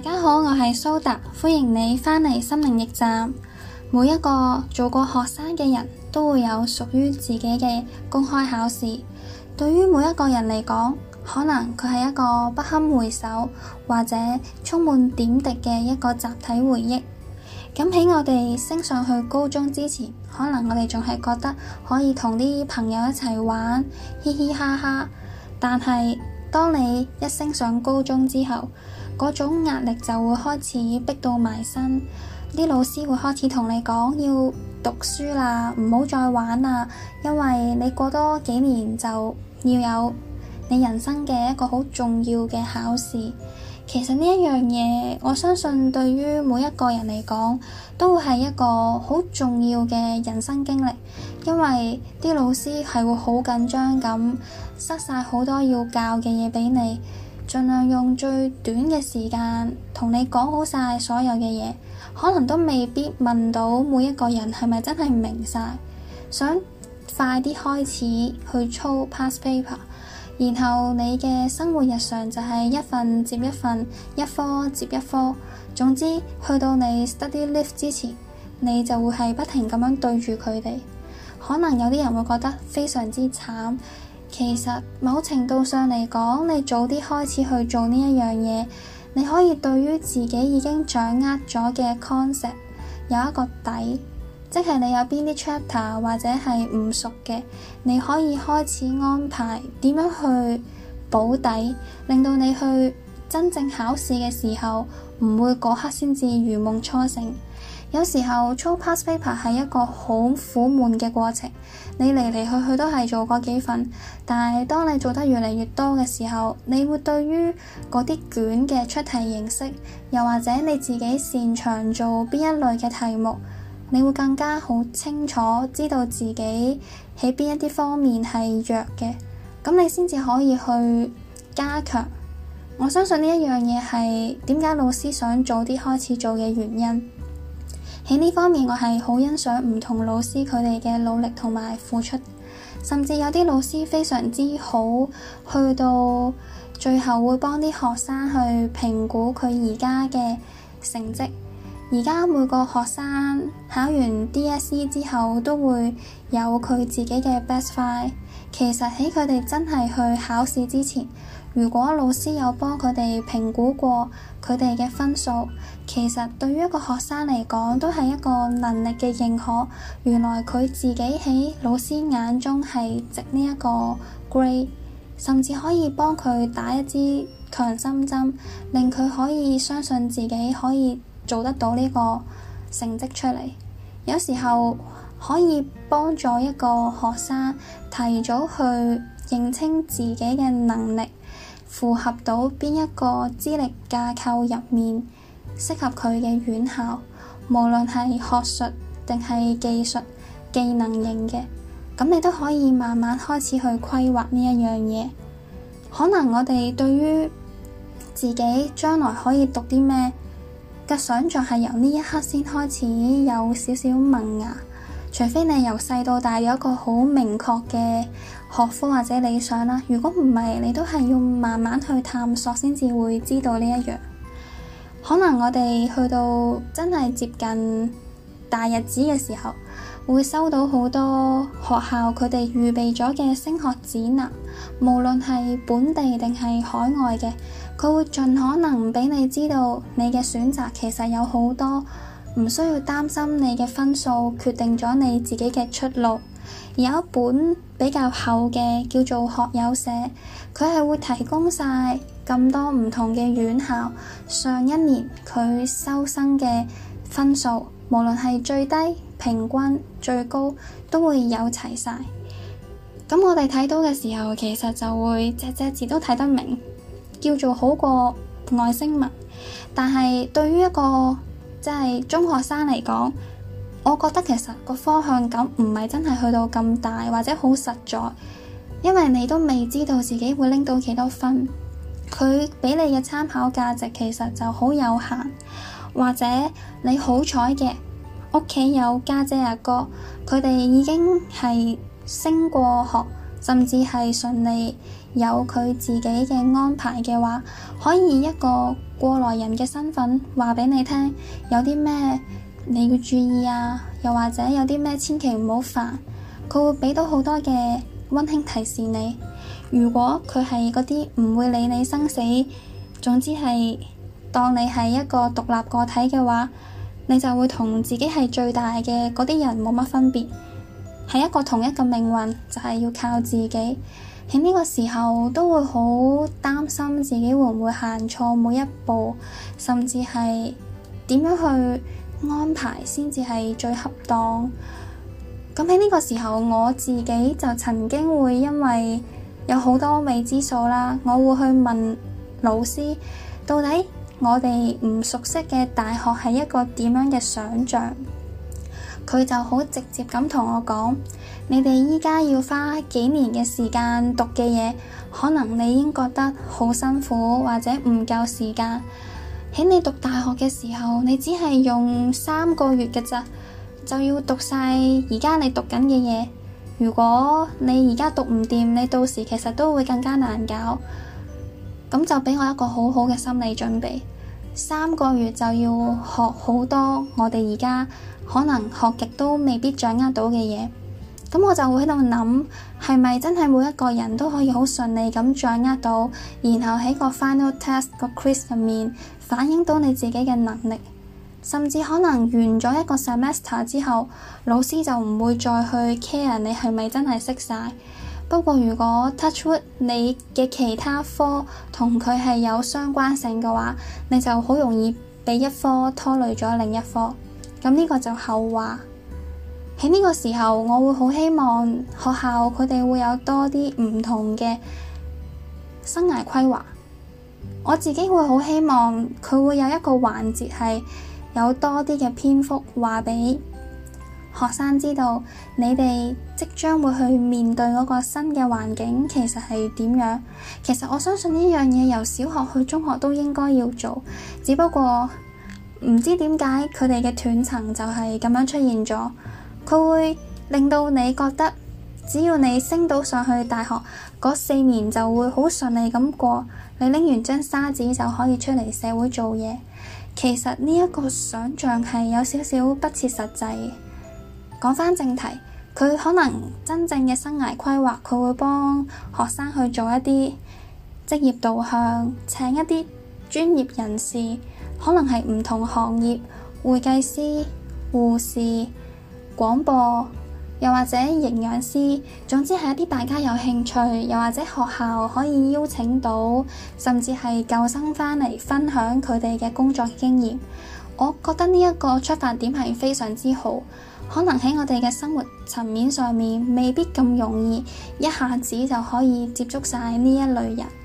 大家好，我係蘇達，歡迎你返嚟心靈驛站。每一個做過學生嘅人都會有屬於自己嘅公開考試。對於每一個人嚟講，可能佢係一個不堪回首或者充滿點滴嘅一個集體回憶。咁喺我哋升上去高中之前，可能我哋仲係覺得可以同啲朋友一齊玩，嘻嘻哈哈。但係當你一升上高中之後，嗰種壓力就會開始逼到埋身，啲老師會開始同你講要讀書啦，唔好再玩啦，因為你過多幾年就要有你人生嘅一個好重要嘅考試。其實呢一樣嘢，我相信對於每一個人嚟講，都會係一個好重要嘅人生經歷，因為啲老師係會好緊張咁，塞晒好多要教嘅嘢俾你。儘量用最短嘅時間同你講好晒所有嘅嘢，可能都未必問到每一個人係咪真係唔明晒。想快啲開始去操 past paper，然後你嘅生活日常就係一份接一份，一科接一科，總之去到你 study leave 之前，你就會係不停咁樣對住佢哋，可能有啲人會覺得非常之慘。其實某程度上嚟講，你早啲開始去做呢一樣嘢，你可以對於自己已經掌握咗嘅 concept 有一個底，即係你有邊啲 chapter 或者係唔熟嘅，你可以開始安排點樣去補底，令到你去真正考試嘅時候，唔會嗰刻先至如夢初醒。有時候做 past paper 係一個好苦悶嘅過程，你嚟嚟去去都係做嗰幾份，但係當你做得越嚟越多嘅時候，你會對於嗰啲卷嘅出題形式，又或者你自己擅長做邊一類嘅題目，你會更加好清楚知道自己喺邊一啲方面係弱嘅。咁你先至可以去加強。我相信呢一樣嘢係點解老師想早啲開始做嘅原因。喺呢方面，我係好欣賞唔同老師佢哋嘅努力同埋付出，甚至有啲老師非常之好，去到最後會幫啲學生去評估佢而家嘅成績。而家每個學生考完 DSE 之後，都會有佢自己嘅 best five。其實喺佢哋真係去考試之前。如果老師有幫佢哋評估過佢哋嘅分數，其實對於一個學生嚟講都係一個能力嘅認可。原來佢自己喺老師眼中係值呢一個 grade，甚至可以幫佢打一支強心針，令佢可以相信自己可以做得到呢個成績出嚟。有時候可以幫助一個學生提早去認清自己嘅能力。符合到邊一個資歷架構入面，適合佢嘅院校，無論係學術定係技術技能型嘅，咁你都可以慢慢開始去規劃呢一樣嘢。可能我哋對於自己將來可以讀啲咩嘅想象，係由呢一刻先開始有少少萌芽。除非你由細到大有一個好明確嘅學科或者理想啦，如果唔係，你都係要慢慢去探索先至會知道呢一樣。可能我哋去到真係接近大日子嘅時候，會收到好多學校佢哋預備咗嘅升學指南，無論係本地定係海外嘅，佢會盡可能唔俾你知道，你嘅選擇其實有好多。唔需要擔心你嘅分數決定咗你自己嘅出路。有一本比較厚嘅叫做《學友社》，佢係會提供晒咁多唔同嘅院校上一年佢收生嘅分數，無論係最低、平均、最高都會有齊晒。咁我哋睇到嘅時候，其實就會隻隻字都睇得明，叫做好過外星文。但係對於一個即係中學生嚟講，我覺得其實個方向感唔係真係去到咁大，或者好實在，因為你都未知道自己會拎到幾多分，佢畀你嘅參考價值其實就好有限。或者你好彩嘅屋企有家姐阿哥，佢哋已經係升過學。甚至係順利有佢自己嘅安排嘅話，可以以一個過來人嘅身份話畀你聽，有啲咩你要注意啊，又或者有啲咩千祈唔好煩，佢會畀到好多嘅溫馨提示你。如果佢係嗰啲唔會理你生死，總之係當你係一個獨立個體嘅話，你就會同自己係最大嘅嗰啲人冇乜分別。係一個同一個命運，就係要靠自己。喺呢個時候都會好擔心自己會唔會行錯每一步，甚至係點樣去安排先至係最恰當。咁喺呢個時候，我自己就曾經會因為有好多未知數啦，我會去問老師，到底我哋唔熟悉嘅大學係一個點樣嘅想象？佢就好直接咁同我講，你哋依家要花幾年嘅時間讀嘅嘢，可能你已經覺得好辛苦，或者唔夠時間。喺你讀大學嘅時候，你只係用三個月嘅咋，就要讀晒而家你讀緊嘅嘢。如果你而家讀唔掂，你到時其實都會更加難搞。咁就俾我一個好好嘅心理準備，三個月就要學好多我哋而家。可能學極都未必掌握到嘅嘢，咁我就會喺度諗，係咪真係每一個人都可以好順利咁掌握到，然後喺個 final test 個 quiz 入面反映到你自己嘅能力，甚至可能完咗一個 semester 之後，老師就唔會再去 care 你係咪真係識晒。不過如果 touch wood 你嘅其他科同佢係有相關性嘅話，你就好容易俾一科拖累咗另一科。咁呢個就後話。喺呢個時候，我會好希望學校佢哋會有多啲唔同嘅生涯規劃。我自己會好希望佢會有一個環節係有多啲嘅篇幅話畀學生知道，你哋即將會去面對嗰個新嘅環境，其實係點樣。其實我相信呢樣嘢由小學去中學都應該要做，只不過。唔知點解佢哋嘅斷層就係咁樣出現咗，佢會令到你覺得只要你升到上去大學嗰四年就會好順利咁過，你拎完張沙紙就可以出嚟社會做嘢。其實呢一個想像係有少少不切實際。講返正題，佢可能真正嘅生涯規劃，佢會幫學生去做一啲職業導向，請一啲專業人士。可能係，唔同行業會計師、護士、廣播，又或者營養師，總之係一啲大家有興趣，又或者學校可以邀請到，甚至係舊生翻嚟分享佢哋嘅工作經驗，我覺得呢一個出發點係非常之好，可能喺我哋嘅生活層面上面，未必咁容易，一下子就可以接觸晒呢一類人。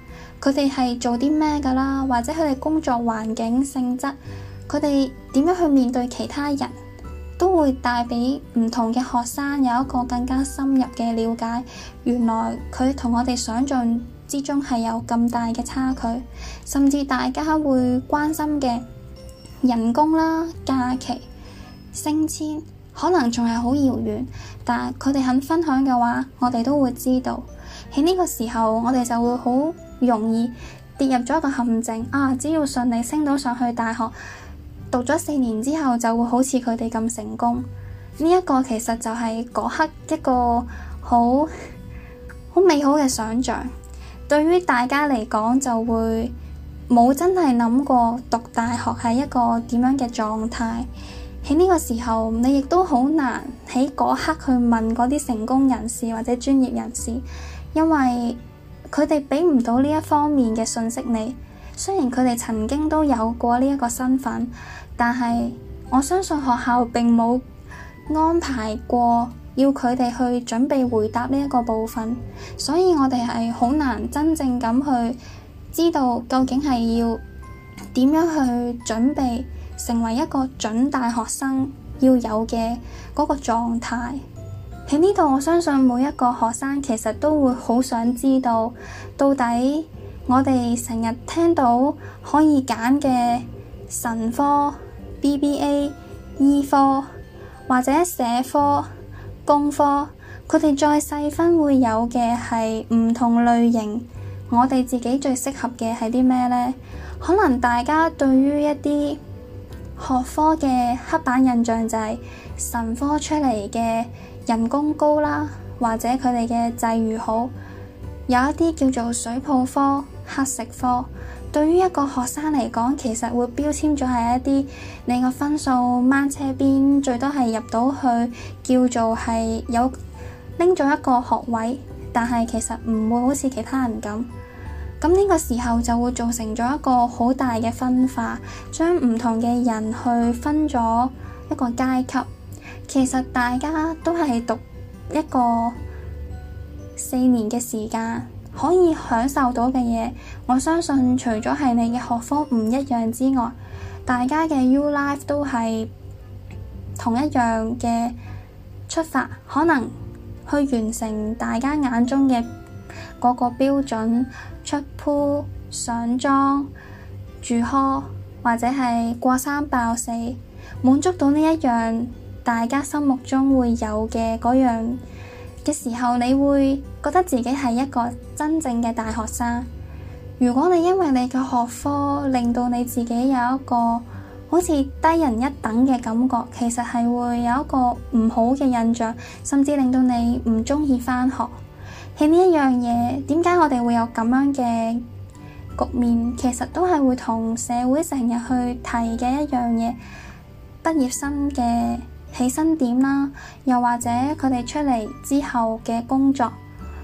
佢哋係做啲咩㗎啦？或者佢哋工作環境、性質，佢哋點樣去面對其他人都會帶畀唔同嘅學生有一個更加深入嘅了解。原來佢同我哋想像之中係有咁大嘅差距，甚至大家會關心嘅人工啦、假期、升遷，可能仲係好遙遠，但佢哋肯分享嘅話，我哋都會知道。喺呢個時候，我哋就會好容易跌入咗一個陷阱啊！只要順利升到上去大學讀咗四年之後，就會好似佢哋咁成功。呢一個其實就係嗰刻一個好好美好嘅想象，對於大家嚟講就會冇真係諗過讀大學係一個點樣嘅狀態。喺呢個時候，你亦都好難喺嗰刻去問嗰啲成功人士或者專業人士，因為。佢哋畀唔到呢一方面嘅信息你，雖然佢哋曾經都有過呢一個身份，但係我相信學校並冇安排過要佢哋去準備回答呢一個部分，所以我哋係好難真正咁去知道究竟係要點樣去準備成為一個準大學生要有嘅嗰個狀態。喺呢度，我相信每一個學生其實都會好想知道，到底我哋成日聽到可以揀嘅神科、BBA、e、醫科或者社科、工科，佢哋再細分會有嘅係唔同類型，我哋自己最適合嘅係啲咩呢？可能大家對於一啲學科嘅刻板印象就係神科出嚟嘅，人工高啦，或者佢哋嘅際遇好，有一啲叫做水泡科、黑食科。對於一個學生嚟講，其實會標籤咗係一啲你個分數掹車邊，最多係入到去叫做係有拎咗一個學位，但係其實唔會好似其他人咁。咁呢個時候就會造成咗一個好大嘅分化，將唔同嘅人去分咗一個階級。其實大家都係讀一個四年嘅時間，可以享受到嘅嘢。我相信除咗係你嘅學科唔一樣之外，大家嘅 U Life 都係同一樣嘅出發，可能去完成大家眼中嘅嗰個標準出 pool、上莊、住 hall，或者係過三爆四，滿足到呢一樣。大家心目中會有嘅嗰樣嘅時候，你會覺得自己係一個真正嘅大學生。如果你因為你嘅學科令到你自己有一個好似低人一等嘅感覺，其實係會有一個唔好嘅印象，甚至令到你唔鍾意返學。喺呢一樣嘢，點解我哋會有咁樣嘅局面？其實都係會同社會成日去提嘅一樣嘢，畢業生嘅。起身點啦，又或者佢哋出嚟之後嘅工作，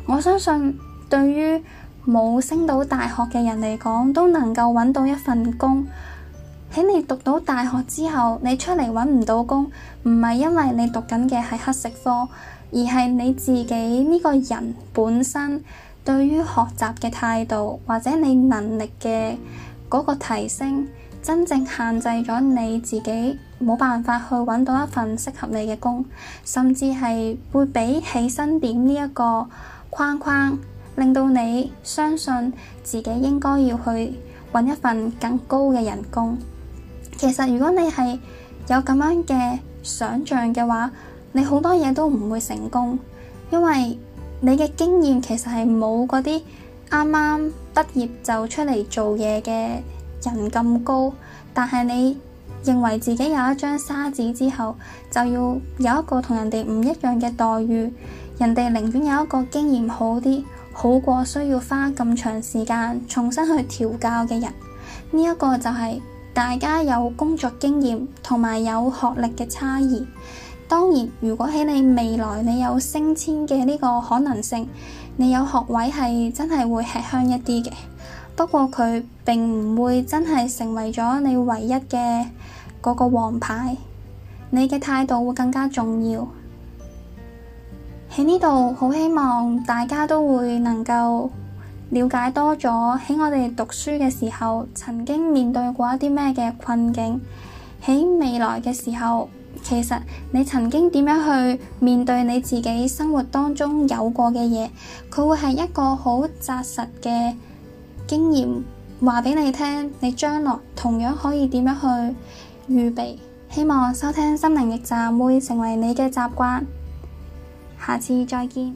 我相信對於冇升到大學嘅人嚟講，都能夠揾到一份工。喺你讀到大學之後，你出嚟揾唔到工，唔係因為你讀緊嘅係黑食科，而係你自己呢個人本身對於學習嘅態度，或者你能力嘅嗰個提升。真正限制咗你自己，冇辦法去揾到一份適合你嘅工，甚至係會俾起薪點呢一個框框，令到你相信自己應該要去揾一份更高嘅人工。其實如果你係有咁樣嘅想象嘅話，你好多嘢都唔會成功，因為你嘅經驗其實，係冇嗰啲啱啱畢業就出嚟做嘢嘅。人咁高，但係你認為自己有一張沙紙之後，就要有一個同人哋唔一樣嘅待遇。人哋寧願有一個經驗好啲，好過需要花咁長時間重新去調教嘅人。呢、這、一個就係大家有工作經驗同埋有學歷嘅差異。當然，如果喺你未來你有升遷嘅呢個可能性，你有學位係真係會吃香一啲嘅。不過佢並唔會真係成為咗你唯一嘅嗰個王牌，你嘅態度會更加重要。喺呢度好希望大家都會能夠了解多咗，喺我哋讀書嘅時候曾經面對過一啲咩嘅困境，喺未來嘅時候，其實你曾經點樣去面對你自己生活當中有過嘅嘢，佢會係一個好紮實嘅。經驗話畀你聽，你將來同樣可以點樣去預備。希望收聽心靈驛站會成為你嘅習慣。下次再見。